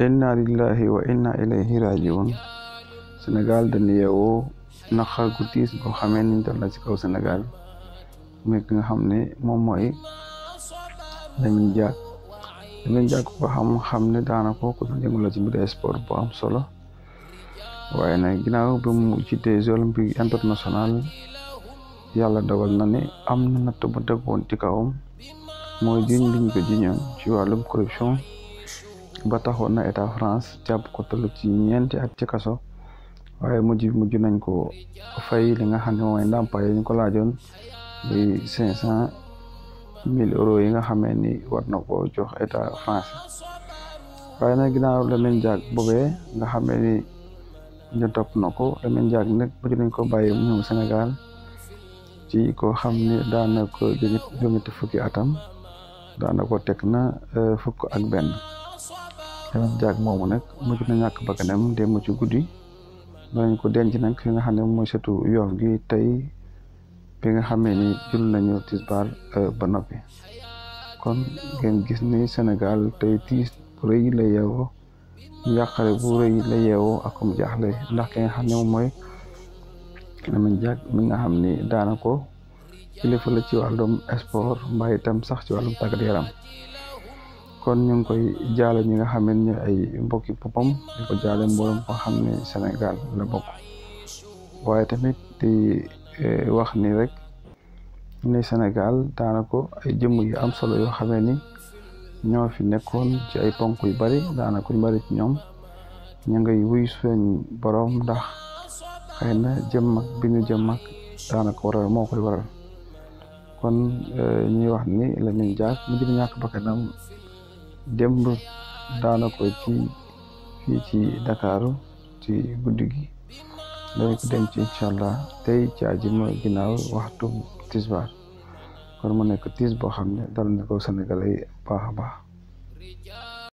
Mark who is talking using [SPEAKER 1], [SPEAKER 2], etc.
[SPEAKER 1] inna lillahi wa inna ilaihi rajiun Senegal dañu yeewoo naqar gu tiis bo xamé ni dal na ci kaw senegal muy ki nga xam ne moom mooy Lamine Diack Lamine ko xam xamné daana ko ko doon la ci mbir sport bu am solo waye na ginaaw bu mu ci té olympique international yalla dogal na né am na natt bu deggon ci kawam moy jiñ biñ ko jiñoon ci walum corruption ba taxoon na état France jàpp ko toll ci ñeenti at ci kaso waaye mujj mujj nañ ko fay li nga xam ne mooy ndàmpaay yi ñu ko laajoon muy cinq cent mille euros yi nga xame ni war na ko jox état France waaye nag ginnaaw Lamine Diack boobee nga xamee ni ñu topp na ko Lamine Diack nag mujj nañ ko bàyyi mu ñëw Sénégal ci ko xam ni daanaka juróom-ñetti fukki atam daanaka teg na euh, fukk ak benn xelante ak momu nak mujj na ñak bakanam dem ci guddi dañ ko denc nak fi nga xamne moy setu yof gi tay bi nga xamé ni jul nañu tisbar ba nopi kon ngeen gis ni senegal tay tis reey la yewo yaqare bu reey la yewo akum jaxle ndax ki nga xamne moy lamin jak mi nga xamni danako kilifa la ci walum sport mbay tam sax ci walum tagat yaram kon ñu ngi koy jaale ñi nga xam ne ay mbokki boppam di ko jaale xam ne Sénégal la bokk waaye tamit di eh, wax ni rek ne senegal daanako ay jëmm yu am solo yoo xamee ni ñoo fi nekkoon ci ay ponk yu bari daanako ñu bari ñoom ñu ngay wuy seen borom ndax xëy na jëmm ak bi ñu jëmm ak daanaka waral moo koy waral kon eh, ñuy wax ni Lamine Diack mu jëm ñàkk bakkanam démb daana ko ci fii ci Ndakaaru ci guddi gi dana ko dem ci incha allah tey ci àjjuma ginnaaw waxtu tisbaar kon moo nekk tis boo xam ne dal na ko Sénégalais baax baax